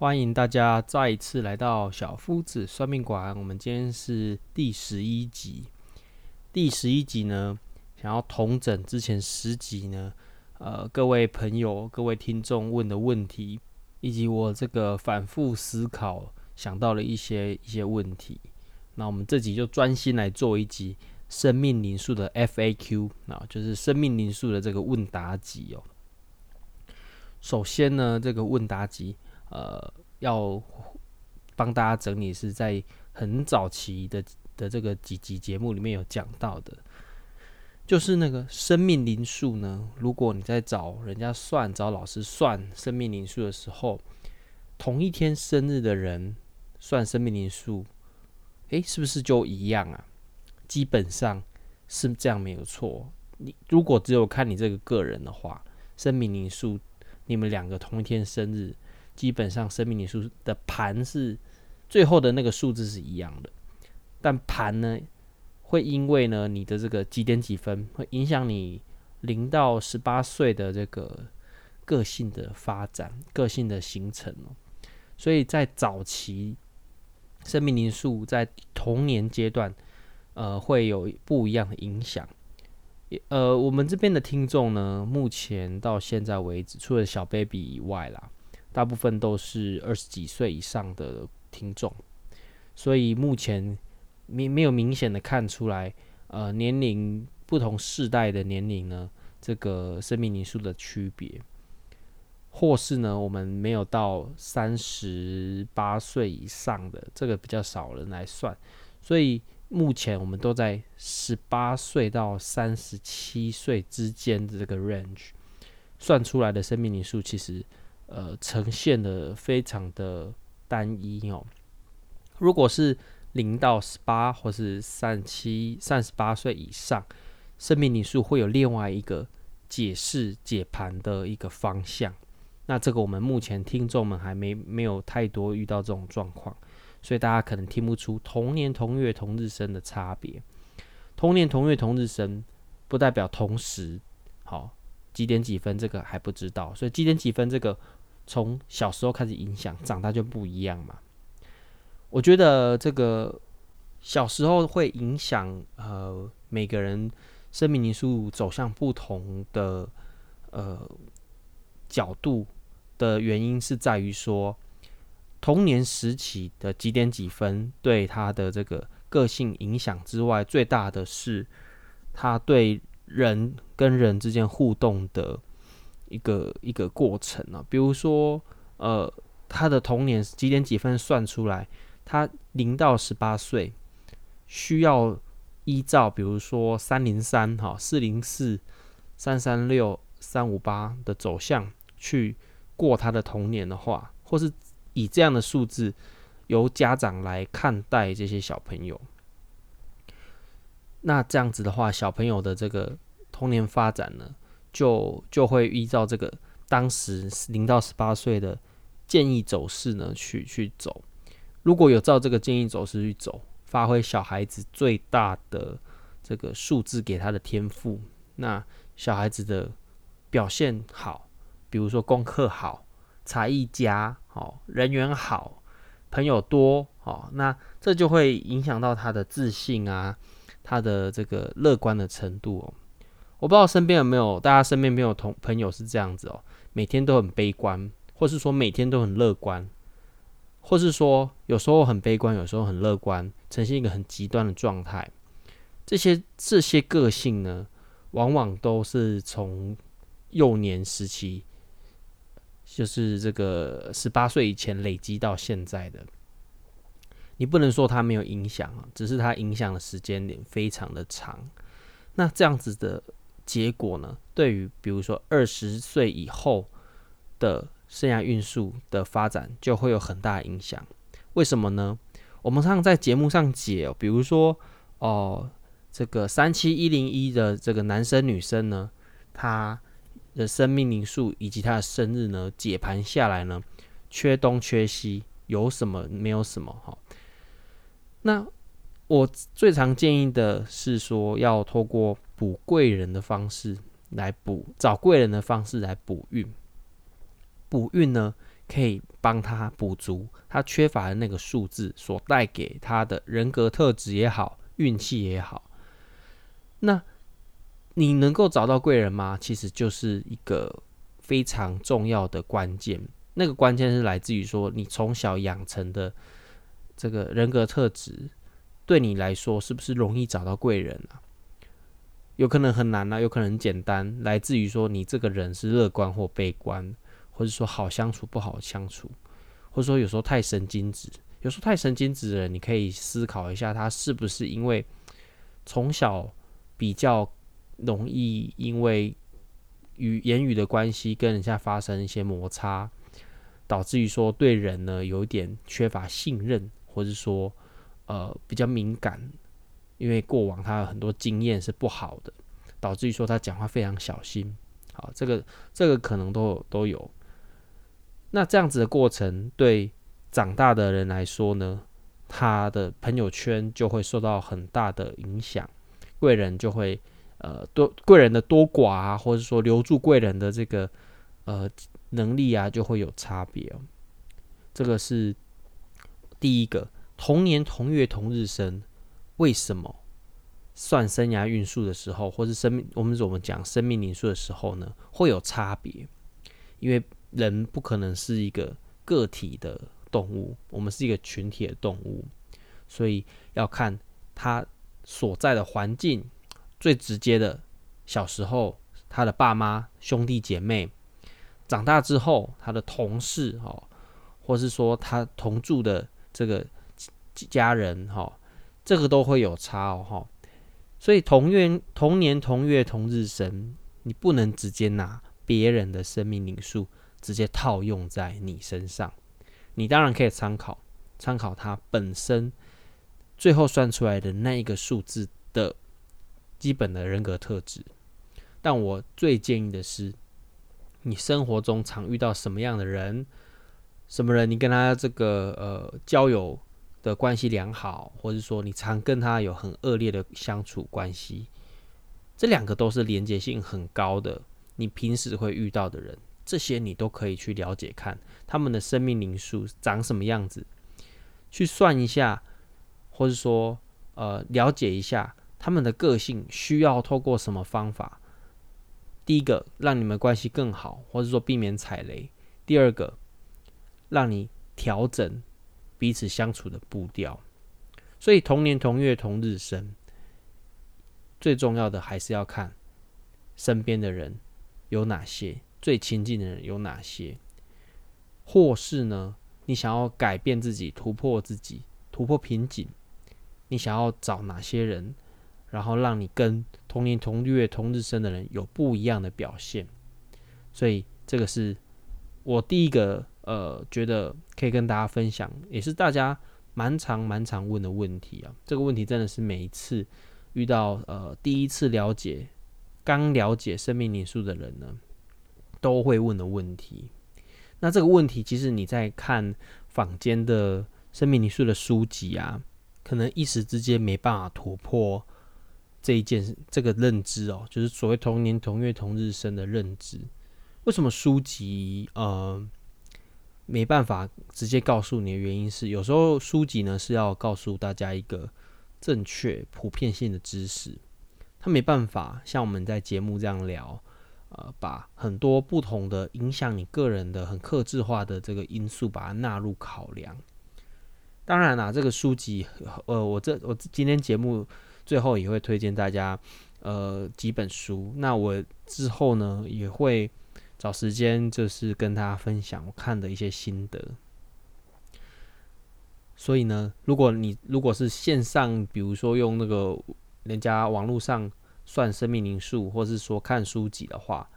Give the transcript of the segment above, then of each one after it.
歡迎大家再一次來到小夫子算命館。我們今天是第十一集。第十一集呢，想要統整之前十集呢，呃，各位朋友、各位聽眾問的問題，以及我這個反覆思考想到了一些一些問題。那我們這集就專心來做一集生命靈數的 FAQ 啊，就是生命靈數的這個問答集哦。首先呢，這個問答集。呃，要幫大家整理是在很早期的的這個幾集節目裡面有講到的，就是那個生命靈數呢。如果你在找人家算、找老師算生命靈數的時候，同一天生日的人算生命靈數，誒、欸，是不是就一樣啊？基本上是這樣，沒有錯。你如果只有看你這個個人的話，生命靈數，你們兩個同一天生日。基本上生命靈數的盤是最後的那個數字是一樣的，但盤呢會因為呢你的這個幾點幾分會影響你零到十八歲的這個個性的發展、個性的形成。所以在早期生命靈數在童年階段，呃，會有不一樣的影響。呃，我們這邊的聽眾呢，目前到現在為止，除了小 baby 以外啦。大部分都是二十幾歲以上的聽眾，所以目前沒沒有明顯的看出來，呃，年齡不同世代的年齡呢，這個生命靈數的區別，或是呢，我們沒有到三十八歲以上的這個比較少人來算，所以目前我們都在十八歲到三十七歲之間的這個 range 算出來的生命靈數，其實。呃，呈現的非常的單一哦、喔。如果是零到十八，或是三七三十八歲以上，生命靈數會有另外一個解釋解盤的一個方向。那這個我們目前聽眾們還沒沒有太多遇到這種狀況，所以大家可能聽不出同年同月同日生的差別。同年同月同日生不代表同時，好幾點幾分，這個還不知道，所以幾點幾分這個。從小時候開始影響，長大就不一樣嘛。我覺得這個小時候會影響呃每個人生命靈數走向不同的呃角度的原因，是在於說童年時期的幾點幾分對他的這個個性影響之外，最大的是他對人跟人之間互動的。一個一個過程啊，比如說，呃，他的童年幾點幾分算出來，他零到十八歲需要依照，比如說三零三、哈四零四、三三六、三五八的走向去過他的童年的話，或是以這樣的數字由家長來看待這些小朋友，那這樣子的話，小朋友的這個童年發展呢，就就會依照這個當時零到十八歲的建議走勢呢，去去走，如果有照這個建議走勢去走，發揮小孩子最大的這個數字給他的天賦，那小孩子的表現好，比如說功課好、才藝佳、好、哦、人緣好、朋友多、好、哦，那這就會影響到他的自信啊，他的這個樂觀的程度、哦。我不知道身邊有沒有大家身邊沒有同朋友是這樣子哦，每天都很悲觀，或是說每天都很樂觀，或是說有時候很悲觀，有時候很樂觀，呈現一個很極端的狀態。這些這些個性呢，往往都是從幼年時期，就是這個十八歲以前累積到現在的。你不能說它沒有影響啊，只是它影響的時間點非常的長。那這樣子的。結果呢？對於比如說二十歲以後的生涯運數的發展，就會有很大的影響。為什麼呢？我們常在節目上解、哦，比如說哦、呃，這個三七一零一的這個男生女生呢，他的生命靈數以及他的生日呢，解盤下來呢，缺東缺西，有什麼？沒有什麼哈。那我最常建議的是說，要透過。補貴人的方式來補，找貴人的方式來補運。補運呢，可以幫他補足他缺乏的那個數字所帶給他的人格特質也好，運氣也好。那，你能夠找到貴人嗎？其實就是一個非常重要的關鍵。那個關鍵是來自於說，你從小養成的這個人格特質，對你來說是不是容易找到貴人啊？有可能很難啊，有可能很簡單。來自於說你這個人是樂觀或悲觀，或者說好相處不好相處，或者說有時候太神經質，有時候太神經質的人，你可以思考一下，他是不是因為從小比較容易因為語言語的關係跟人家發生一些摩擦，導致於說對人呢有一點缺乏信任，或是說呃比較敏感。因為過往他有很多經驗是不好的，導致於說他講話非常小心。好，這個這個可能都有都有。那這樣子的過程，對長大的人來說呢，他的朋友圈就會受到很大的影響，貴人就會呃多貴人的多寡啊，或者說留住貴人的這個呃能力啊，就會有差別。這個是第一個，同年同月同日生。為什麼算生涯運數的時候，或是生命我們怎麼講生命靈數的時候呢？會有差別，因為人不可能是一個個體的動物，我們是一個群體的動物，所以要看他所在的環境，最直接的，小時候他的爸媽、兄弟姐妹，長大之後他的同事哈，或是說他同住的這個家人哈。這個都會有差哦，哈、哦，所以同月同年同月同日生，你不能直接拿別人的生命靈數直接套用在你身上。你當然可以參考，參考它本身最後算出來的那一個數字的基本的人格特質。但我最建議的是，你生活中常遇到什麼樣的人，什麼人你跟他這個呃交友。的關係良好，或者說你常跟他有很惡劣的相處關係，這兩個都是連接性很高的。你平時會遇到的人，這些你都可以去了解看他們的生命靈數長什麼樣子，去算一下，或者說呃了解一下他們的個性需要透過什麼方法。第一個讓你們關係更好，或者說避免踩雷；第二個讓你調整。彼此相處的步調，所以同年同月同日生，最重要的還是要看身邊的人有哪些，最親近的人有哪些，或是呢，你想要改變自己、突破自己、突破瓶頸，你想要找哪些人，然後讓你跟同年同月同日生的人有不一樣的表現。所以，這個是我第一個。呃，覺得可以跟大家分享，也是大家蠻常蠻常問的問題啊。這個問題真的是每一次遇到呃，第一次了解、剛了解生命靈數的人呢，都會問的問題。那這個問題，其實你在看坊間的生命靈數的書籍啊，可能一時之間沒辦法突破這一件這個認知哦，就是所謂同年同月同日生的認知。為什麼書籍呃，沒辦法直接告訴你的原因是，有時候書籍呢是要告訴大家一個正確、普遍性的知識，它沒辦法像我們在節目這樣聊，呃，把很多不同的影響你個人的、很客製化的這個因素把它納入考量。當然啦、啊，這個書籍，呃，我這我今天節目最後也會推薦大家呃幾本書，那我之後呢也會。找時間就是跟他分享我看的一些心得。所以呢，如果你如果是線上，比如說用那個人家網絡上算生命靈數，或者是說看書籍的話，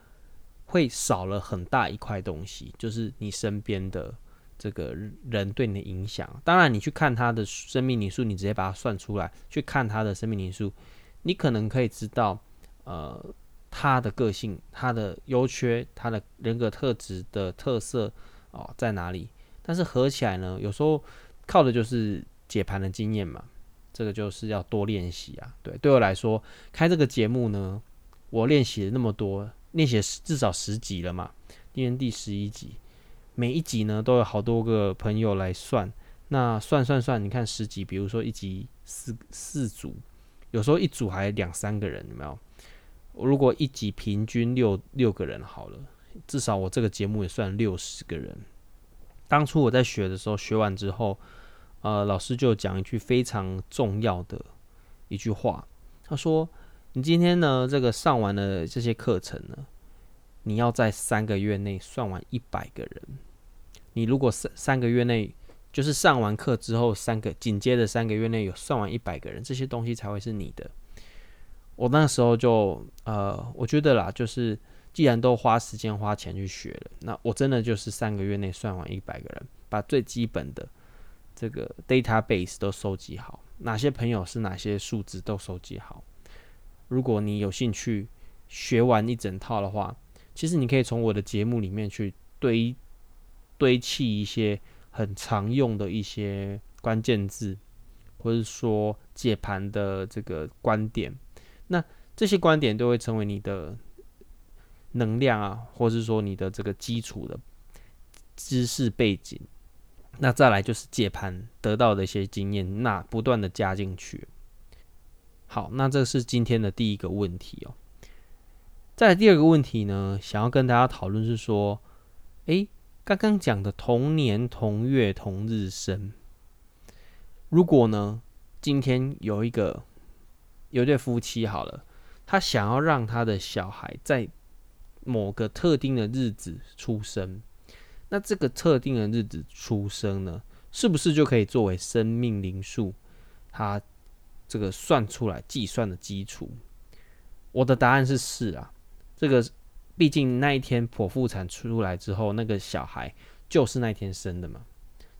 會少了很大一塊東西，就是你身邊的這個人對你的影響。當然，你去看他的生命靈數，你直接把它算出來，去看他的生命靈數，你可能可以知道，呃。他的個性、他的優缺、他的人格特質的特色哦在哪裡？但是合起來呢，有時候靠的就是解盤的經驗嘛。這個就是要多練習啊。對，對我來說，開這個節目呢，我練習了那麼多，練習至少十集了嘛。今天第十一集，每一集呢都有好多個朋友來算。那算算算，你看十集，比如說一集四四組，有時候一組還兩三個人，有沒有？我如果一集平均六六個人好了，至少我這個節目也算六十個人。當初我在學的時候，學完之後，呃，老師就講一句非常重要的一句話，他說：“你今天呢，這個上完了這些課程呢，你要在三個月內算完一百個人。你如果三三個月內，就是上完課之後三個緊接着三個月內有算完一百個人，這些東西才會是你的。”我那時候就，呃，我覺得啦，就是既然都花時間花錢去學了，那我真的就是三個月內算完一百個人，把最基本的這個 database 都收集好，哪些朋友是哪些數字都收集好。如果你有興趣學完一整套的話，其實你可以從我的節目裡面去堆堆砌一些很常用的一些關鍵字，或是說解盤的這個觀點。那這些觀點都會成為你的能量啊，或是說你的這個基礎的知識背景。那再來就是解盤得到的一些經驗，那不斷的加進去。好，那這是今天的第一個問題哦。再來第二個問題呢，想要跟大家討論是說，欸，剛剛講的同年同月同日生，如果呢今天有一個。有對夫妻好了，他想要讓他的小孩在某個特定的日子出生，那這個特定的日子出生呢，是不是就可以作為生命靈數他這個算出來計算的基礎？我的答案是是啊，這個畢竟那一天剖腹產出來之後，那個小孩就是那天生的嘛。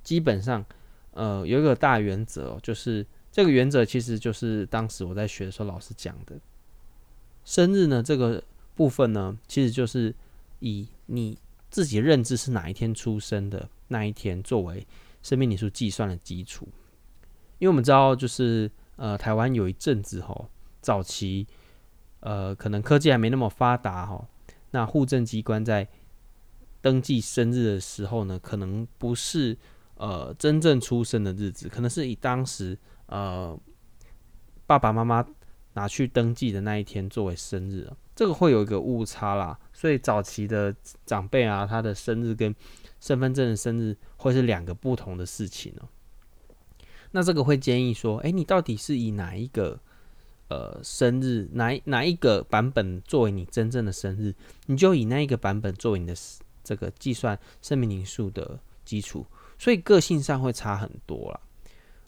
基本上，呃，有一個大原則哦，就是。這個原則其實就是當時我在學的時候老師講的。生日呢，這個部分呢，其實就是以你自己的認知是哪一天出生的那一天作為生命靈數計算的基礎。因為我們知道就是呃台灣有一陣子吼、哦、早期呃可能科技還沒那麼發達吼、哦。那戶政機關在登記生日的時候呢，可能不是呃真正出生的日子，可能是以當時。呃，爸爸媽媽拿去登記的那一天作為生日，啊，這個會有一個誤差啦。所以早期的長輩啊，他的生日跟身份證的生日會是兩個不同的事情哦，啊。那這個會建議說，哎，你到底是以哪一個呃生日，哪哪一個版本作為你真正的生日？你就以那一個版本作為你的這個計算生命靈數的基礎，所以個性上會差很多啦。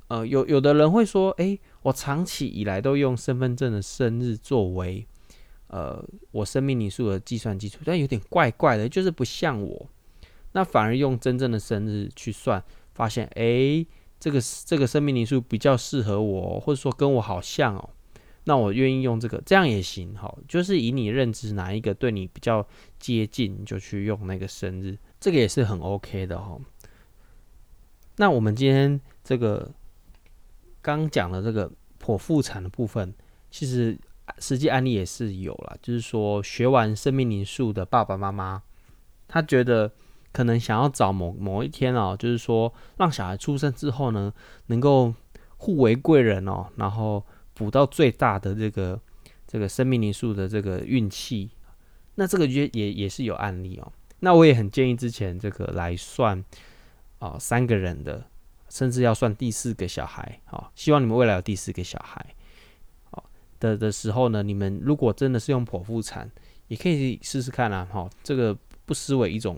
呃，有有的人會說，誒，我長期以來都用身份證的生日作為，呃，我生命靈數的計算基礎，但有點怪怪的，就是不像我。那反而用真正的生日去算，發現，誒，這個這個生命靈數比較適合我，或者說跟我好像哦，那我願意用這個，這樣也行，好，就是以你認知哪一個對你比較接近，就去用那個生日，這個也是很 OK 的哈。那我們今天這個。剛講的這個剖腹產的部分，其實實際案例也是有啦，就是說，學完生命靈數的爸爸媽媽，他覺得可能想要找某某一天哦，就是說，讓小孩出生之後呢，能夠互為貴人哦，然後補到最大的這個這個生命靈數的這個運氣，那這個也也也是有案例哦。那我也很建議之前這個來算，哦，三個人的。甚至要算第四個小孩啊、哦，希望你們未來有第四個小孩，哦的的時候呢，你們如果真的是用剖腹產，也可以試試看啊，哈、哦，這個不失為一種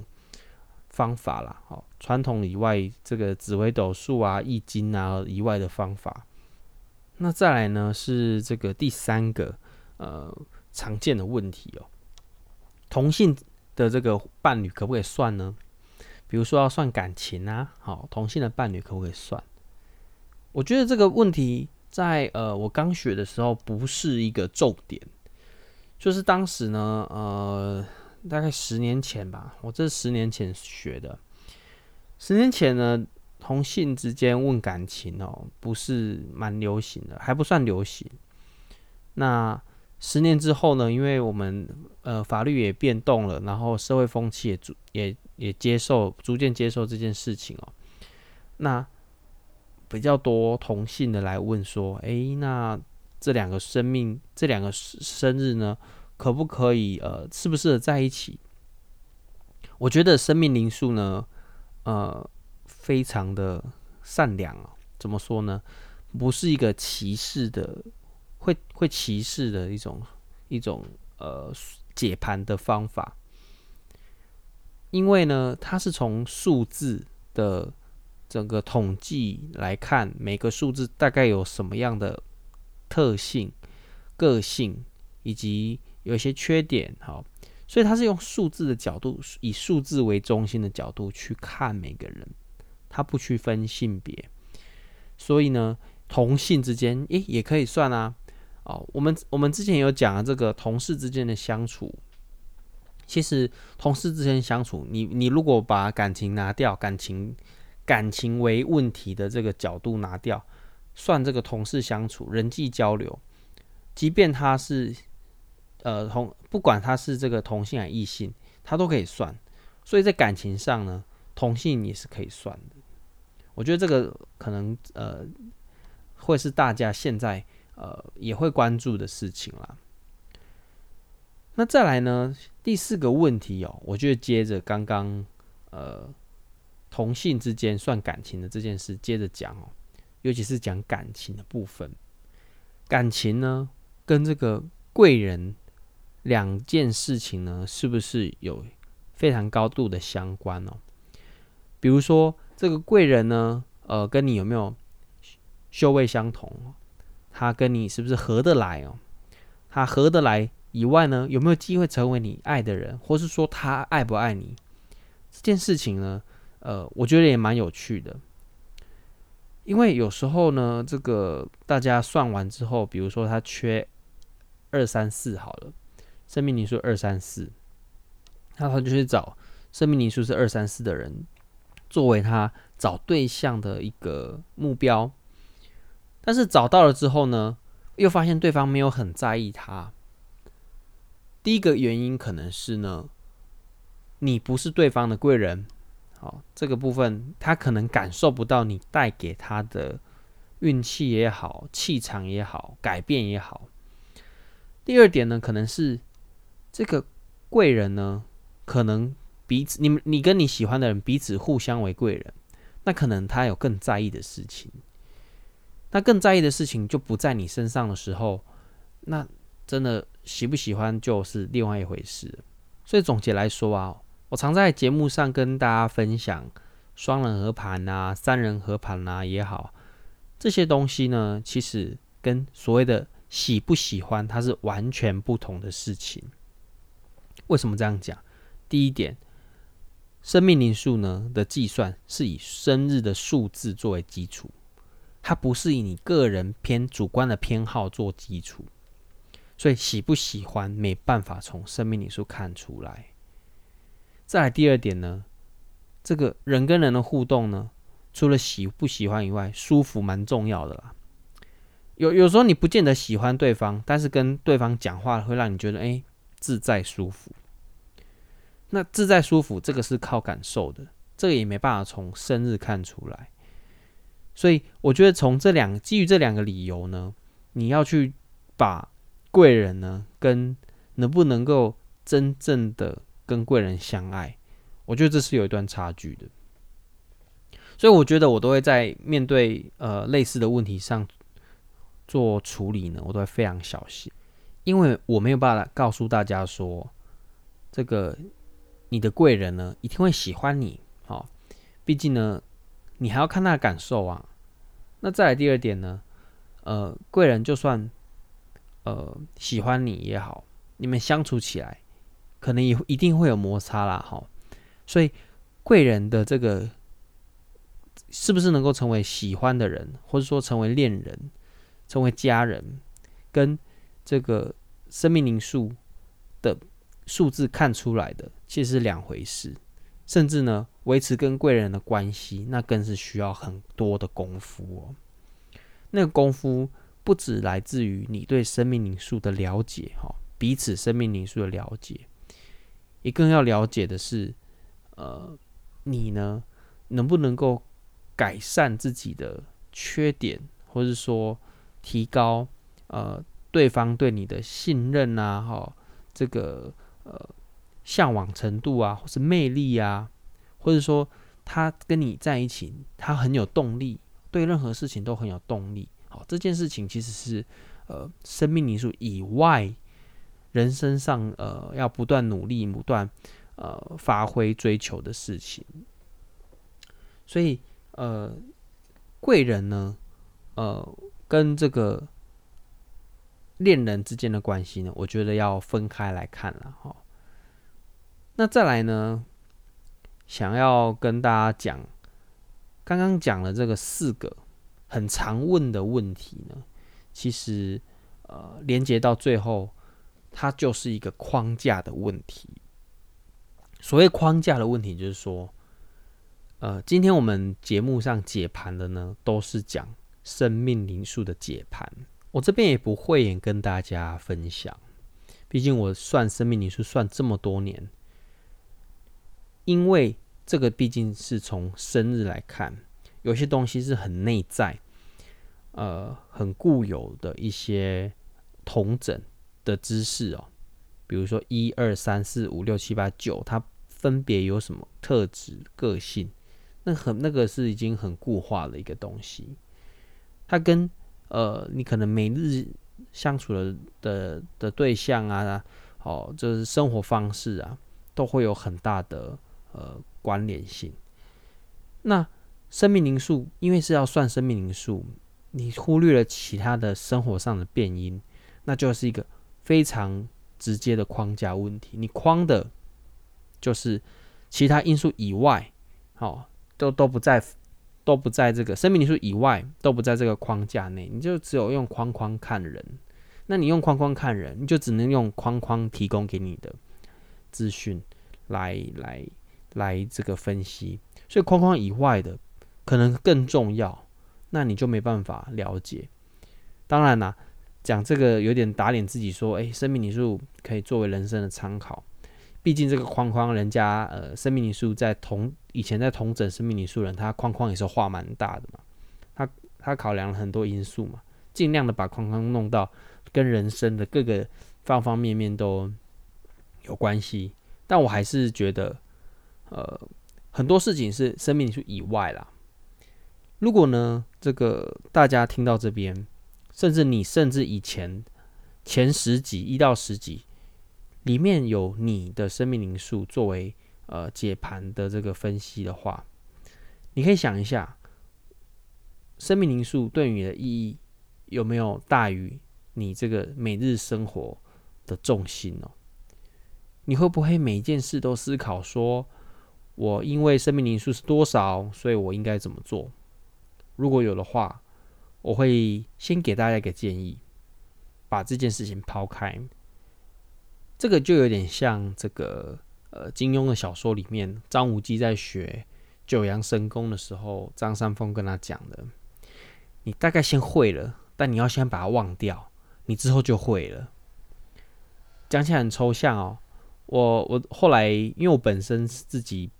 方法啦，好、哦，傳統以外，這個紫微斗數啊、易經啊以外的方法，那再來呢是這個第三個呃常見的問題哦，同性的這個伴侶可不可以算呢？比如說要算感情啊，好，同性的伴侶可不可以算？我覺得這個問題在呃我剛學的時候不是一個重點，就是當時呢，呃，大概十年前吧，我這是十年前學的，十年前呢，同性之間問感情哦，不是蠻流行的，還不算流行。那十年之後呢？因為我們呃法律也變動了，然後社會風氣也逐也也接受逐漸接受這件事情哦、喔。那比較多同性的來問說：“誒、欸，那這兩個生命這兩個生日呢，可不可以？呃，適不適合在一起？”我覺得生命靈數呢，呃，非常的善良哦、喔。怎麼說呢？不是一個歧視的。會歧視的一種一種呃解盤的方法，因為呢，它是從數字的整個統計來看，每個數字大概有什麼樣的特性、個性，以及有一些缺點，好，所以它是用數字的角度，以數字為中心的角度去看每個人，它不區分性別，所以呢，同性之間，欸，也可以算啊。哦，我們我們之前有講了這個同事之間的相處，其實同事之間相處，你你如果把感情拿掉，感情感情為問題的這個角度拿掉，算這個同事相處、人際交流，即便他是呃同，不管他是這個同性還是異性，他都可以算。所以在感情上呢，同性也是可以算的。我覺得這個可能呃會是大家現在。呃，也會關注的事情啦。那再來呢？第四個問題哦，我就接着剛剛呃，同性之間算感情的這件事接着講哦，尤其是講感情的部分。感情呢，跟這個貴人兩件事情呢，是不是有非常高度的相關哦？比如說，這個貴人呢，呃，跟你有沒有修為相同？他跟你是不是合得來哦？他合得來以外呢，有沒有機會成為你愛的人，或是說他愛不愛你？這件事情呢，呃，我覺得也蠻有趣的，因為有時候呢，這個大家算完之後，比如說他缺二三四好了，生命靈數二三四，那他就去找生命靈數是二三四的人，作為他找對象的一個目標。但是找到了之後呢，又發現對方沒有很在意他。第一個原因可能是呢，你不是對方的貴人，好，這個部分他可能感受不到你帶給他的運氣也好、氣場也好、改變也好。第二點呢，可能是這個貴人呢，可能彼此你你跟你喜歡的人彼此互相為貴人，那可能他有更在意的事情。那更在意的事情就不在你身上的時候，那真的喜不喜歡就是另外一回事。所以總結來說啊，我常在節目上跟大家分享雙人合盤啊、三人合盤啊也好，這些東西呢，其實跟所謂的喜不喜歡它是完全不同的事情。為什麼這樣講？第一點，生命靈數呢的計算是以生日的數字作為基礎。它不是以你個人偏主觀的偏好做基礎，所以喜不喜歡沒辦法從生命靈數看出來。再來第二點呢，這個人跟人的互動呢，除了喜不喜歡以外，舒服蠻重要的啦。有有時候你不見得喜歡對方，但是跟對方講話會讓你覺得誒、哎，自在舒服。那自在舒服這個是靠感受的，這個也沒辦法從生日看出來。所以我覺得從這兩基於這兩個理由呢，你要去把貴人呢跟能不能夠真正的跟貴人相愛，我覺得這是有一段差距的。所以我覺得我都會在面對呃類似的問題上做處理呢，我都會非常小心，因為我沒有辦法告訴大家說，這個你的貴人呢一定會喜歡你，好，畢竟呢。你還要看他的感受啊，那再來第二點呢，呃，貴人就算呃喜歡你也好，你們相處起來可能也一定會有摩擦啦，齁。所以貴人的這個是不是能夠成為喜歡的人，或者說成為戀人、成為家人，跟這個生命靈數的數字看出來的其實是兩回事。甚至呢，維持跟貴人的關係，那更是需要很多的功夫哦。那個功夫不只來自於你對生命靈數的了解，彼此生命靈數的了解，也更要了解的是，呃，你呢能不能夠改善自己的缺點，或是說提高呃對方對你的信任啊，哦，這個呃。嚮往程度啊，或是魅力啊，或者說他跟你在一起，他很有動力，對任何事情都很有動力。好、哦，這件事情其實是呃，生命靈數以外人生上呃要不斷努力、不斷呃發揮追求的事情。所以呃，貴人呢，呃，跟這個戀人之間的關係呢，我覺得要分開來看了、哦那再來呢，想要跟大家講，剛剛講了這個四個很常問的問題呢，其實呃，連接到最後，它就是一個框架的問題。所謂框架的問題，就是說，呃，今天我們節目上解盤的呢，都是講生命靈數的解盤，我這邊也不會也跟大家分享，畢竟我算生命靈數算這麼多年。因為這個畢竟是從生日來看，有些東西是很內在、呃很固有的一些統整的知識哦，比如說一二三四五六七八九，它分別有什麼特質、個性？那很那個是已經很固化的一個東西，它跟呃你可能每日相處的的的對象啊，哦就是生活方式啊，都會有很大的。呃，關聯性。那生命靈數，因為是要算生命靈數，你忽略了其他的生活上的變因，那就是一個非常直接的框架問題。你框的，就是其他因素以外，哦，都都不在，都不在這個生命靈數以外，都不在這個框架內。你就只有用框框看人。那你用框框看人，你就只能用框框提供給你的資訊來來。來來這個分析，所以框框以外的可能更重要，那你就沒辦法了解。當然啦、啊，講這個有點打臉自己說，說、哎、誒，生命靈數可以作為人生的參考，畢竟這個框框人家呃，生命靈數在同以前在統整生命靈數人，他框框也是畫蠻大的嘛，他他考量了很多因素嘛，盡量的把框框弄到跟人生的各個方方面面都有關係。但我還是覺得。呃，很多事情是生命靈數以外啦。如果呢，這個大家聽到這邊，甚至你甚至以前前十集，一到十集，裡面有你的生命靈數作為呃解盤的這個分析的話，你可以想一下，生命靈數對於你的意義有沒有大於你這個每日生活的重心哦？你會不會每件事都思考說，我因為生命靈數是多少，所以我應該怎麼做？如果有的話，我會先給大家一個建議，把這件事情拋開。這個就有點像這個呃，金庸的小說裡面，張無忌在學九陽神功的時候，張三豐跟他講的：你大概先會了，但你要先把它忘掉，你之後就會了。講起來很抽象哦。我我後來因為我本身是自己。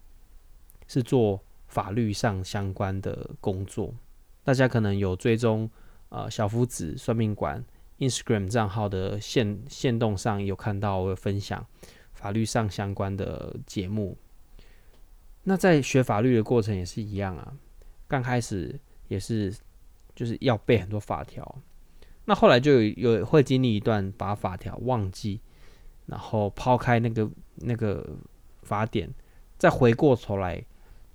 是做法律上相關的工作，大家可能有追蹤呃小夫子算命館 Instagram 賬號的限限動，上有看到我有分享法律上相關的節目。那在學法律的過程也是一樣啊，剛開始也是就是要背很多法條，那後來就有，有會經歷一段把法條忘記，然後拋開那個那個法典，再回過頭來。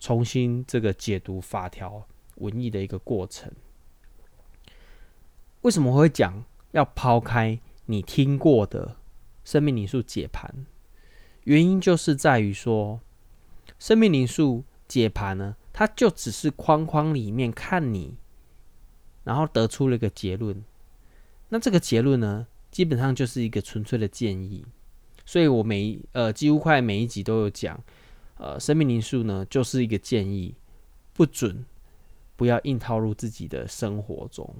重新這個解讀法條文義的一個過程，為什麼會講要拋開你聽過的生命靈數解盤？原因就是在於說，生命靈數解盤呢，它就只是框框裡面看你，然後得出了一個結論。那這個結論呢，基本上就是一個純粹的建議。所以我每一呃幾乎快每一集都有講。呃，生命靈數呢，就是一個建議，不准，不要硬套入自己的生活中。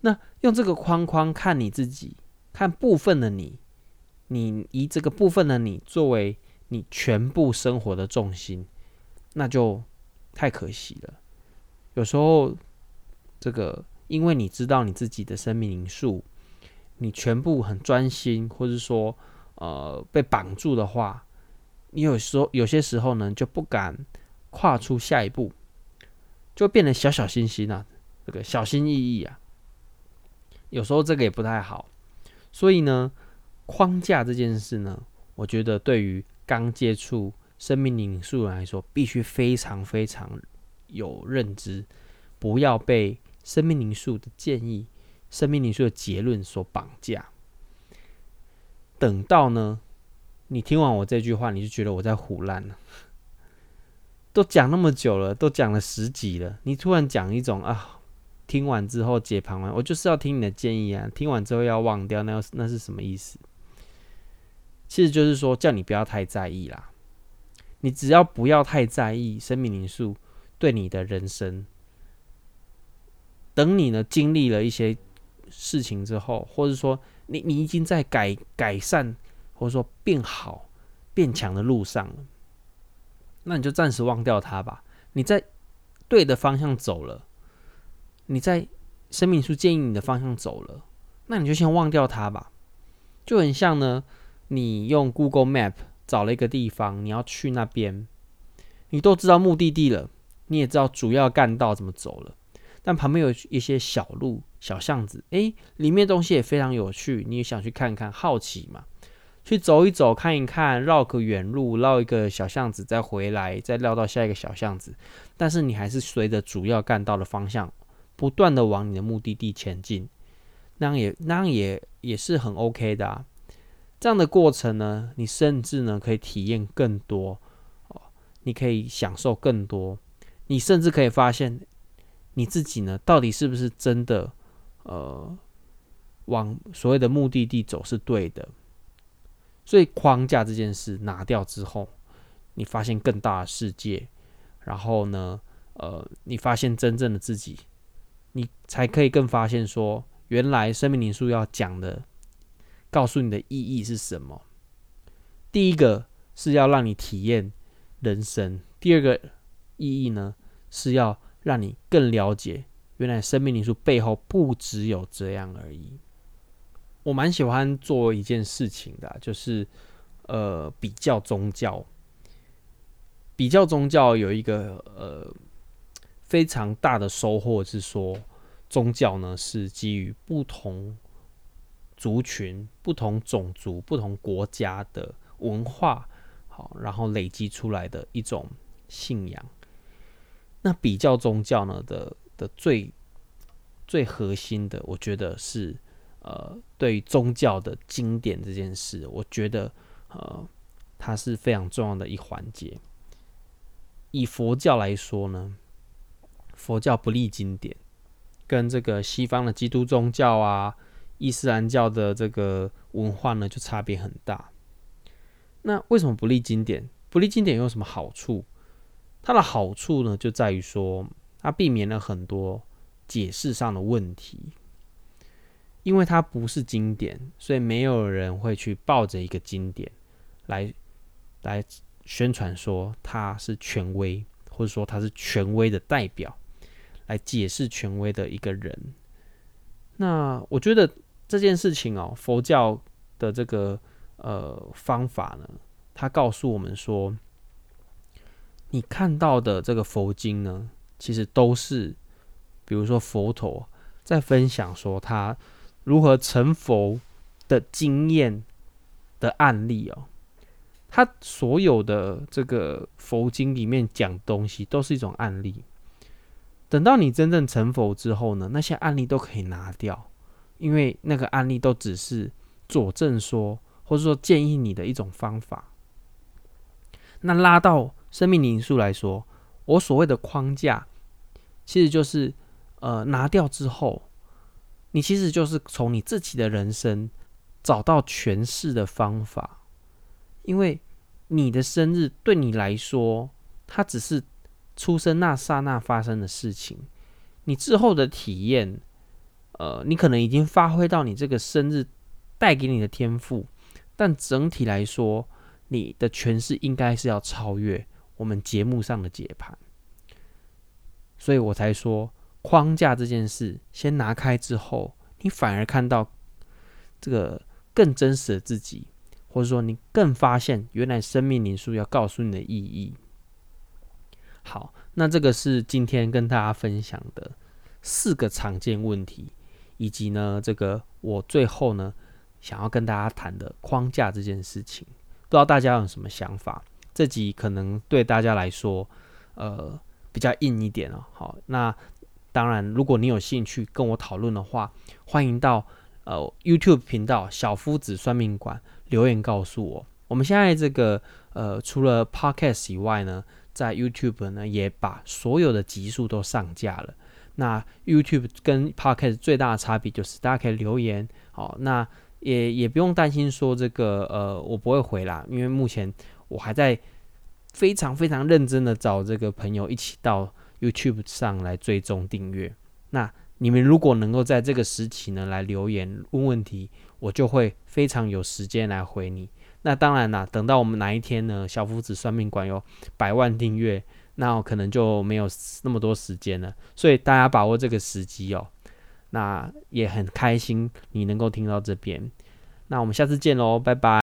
那用這個框框看你自己，看部分的你，你以這個部分的你作為你全部生活的重心，那就太可惜了。有時候，這個因為你知道你自己的生命靈數，你全部很專心，或是說呃被綁住的話。你有時候有些時候呢，就不敢跨出下一步，就變得小小心心啊，這個小心翼翼啊。有時候這個也不太好，所以呢，框架這件事呢，我覺得對於剛接觸生命靈數人來說，必須非常非常有認知，不要被生命靈數的建議、生命靈數的結論所綁架。等到呢。你聽完我這句話，你就覺得我在唬爛了 都講那麼久了，都講了十集了，你突然講一種啊，聽完之後解盤完，我就是要聽你的建議啊。聽完之後要忘掉那，那那是什麼意思？其實就是說，叫你不要太在意啦。你只要不要太在意生命靈數對你的人生。等你呢經歷了一些事情之後，或者說你你已經在改改善，或者說變好、變強的路上了，那你就暫時忘掉它吧。你在對的方向走了，你在生命數建議你的方向走了，那你就先忘掉它吧。就很像呢，你用 Google Map 找了一個地方，你要去那邊，你都知道目的地了，你也知道主要幹道怎麼走了，但旁邊有一些小路、小巷子，誒、欸，裡面東西也非常有趣，你也想去看看，好奇嘛。去走一走，看一看，繞個遠路，繞一個小巷子，再回來，再繞到下一個小巷子。但是你還是隨着主要幹道的方向，不斷的往你的目的地前進，那樣也那樣也也是很 OK 的啊。這樣的過程呢，你甚至呢可以體驗更多哦，你可以享受更多，你甚至可以發現你自己呢到底是不是真的呃往所謂的目的地走是對的。所以框架這件事拿掉之後，你發現更大的世界，然後呢，呃，你發現真正的自己，你才可以更發現說，原來生命靈數要講的，告訴你的意義是什麼？第一個是要讓你體驗人生，第二個意義呢是要讓你更了解，原來生命靈數背後不只有這樣而已。我蠻喜歡做一件事情的啊，就是，呃，比較宗教。比較宗教有一個呃非常大的收穫是說，宗教呢是基於不同族群、不同種族、不同國家的文化，好，然後累積出來的一種信仰。那比較宗教呢的的最最核心的，我覺得是。呃，對宗教的經典這件事，我覺得呃，它是非常重要的一環節。以佛教來說呢，佛教不立經典，跟這個西方的基督宗教啊、伊斯蘭教的這個文化呢，就差別很大。那為什麼不立經典？不立經典有什麼好處？它的好處呢，就在於說，它避免了很多解釋上的問題。因為它不是經典，所以沒有人會去抱着一個經典來來宣傳說它是權威，或者說它是權威的代表來解釋權威的一個人。那我覺得這件事情哦，佛教的這個呃方法呢，它告訴我們說，你看到的這個佛經呢，其實都是比如說佛陀在分享說他。如何成佛的經驗的案例哦，他所有的這個佛經裡面講東西，都是一種案例。等到你真正成佛之後呢，那些案例都可以拿掉，因為那個案例都只是佐證說，或者說建議你的一種方法。那拉到生命靈數來說，我所謂的框架，其實就是呃拿掉之後。你其實就是從你自己的人生找到詮釋的方法，因為你的生日對你來說，它只是出生那剎那發生的事情。你之後的體驗，呃，你可能已經發揮到你這個生日帶給你的天賦，但整體來說，你的詮釋應該是要超越我們節目上的解盤，所以我才說。框架這件事先拿開之後，你反而看到這個更真實的自己，或者說你更發現原來生命靈數要告訴你的意義。好，那這個是今天跟大家分享的四個常見問題，以及呢，這個我最後呢想要跟大家談的框架這件事情，不知道大家有什麼想法？這集可能對大家來說，呃，比較硬一點哦。好，那。當然，如果你有興趣跟我討論的話，歡迎到呃 YouTube 頻道小夫子算命館留言告訴我。我們現在這個呃除了 Podcast 以外呢，在 YouTube 呢也把所有的集數都上架了。那 YouTube 跟 Podcast 最大的差別就是大家可以留言，好，哦，那也也不用擔心說這個呃我不會回啦，因為目前我還在非常非常認真的找這個朋友一起到。YouTube 上來追蹤訂閱，那你們如果能夠在這個時期呢來留言問問題，我就會非常有時間來回你。那當然啦，等到我們哪一天呢,小夫子算命館有百萬訂閱，那我可能就沒有那麼多時間了。所以大家把握這個時機哦，那也很開心你能夠聽到這邊。那我們下次見嘍，拜拜。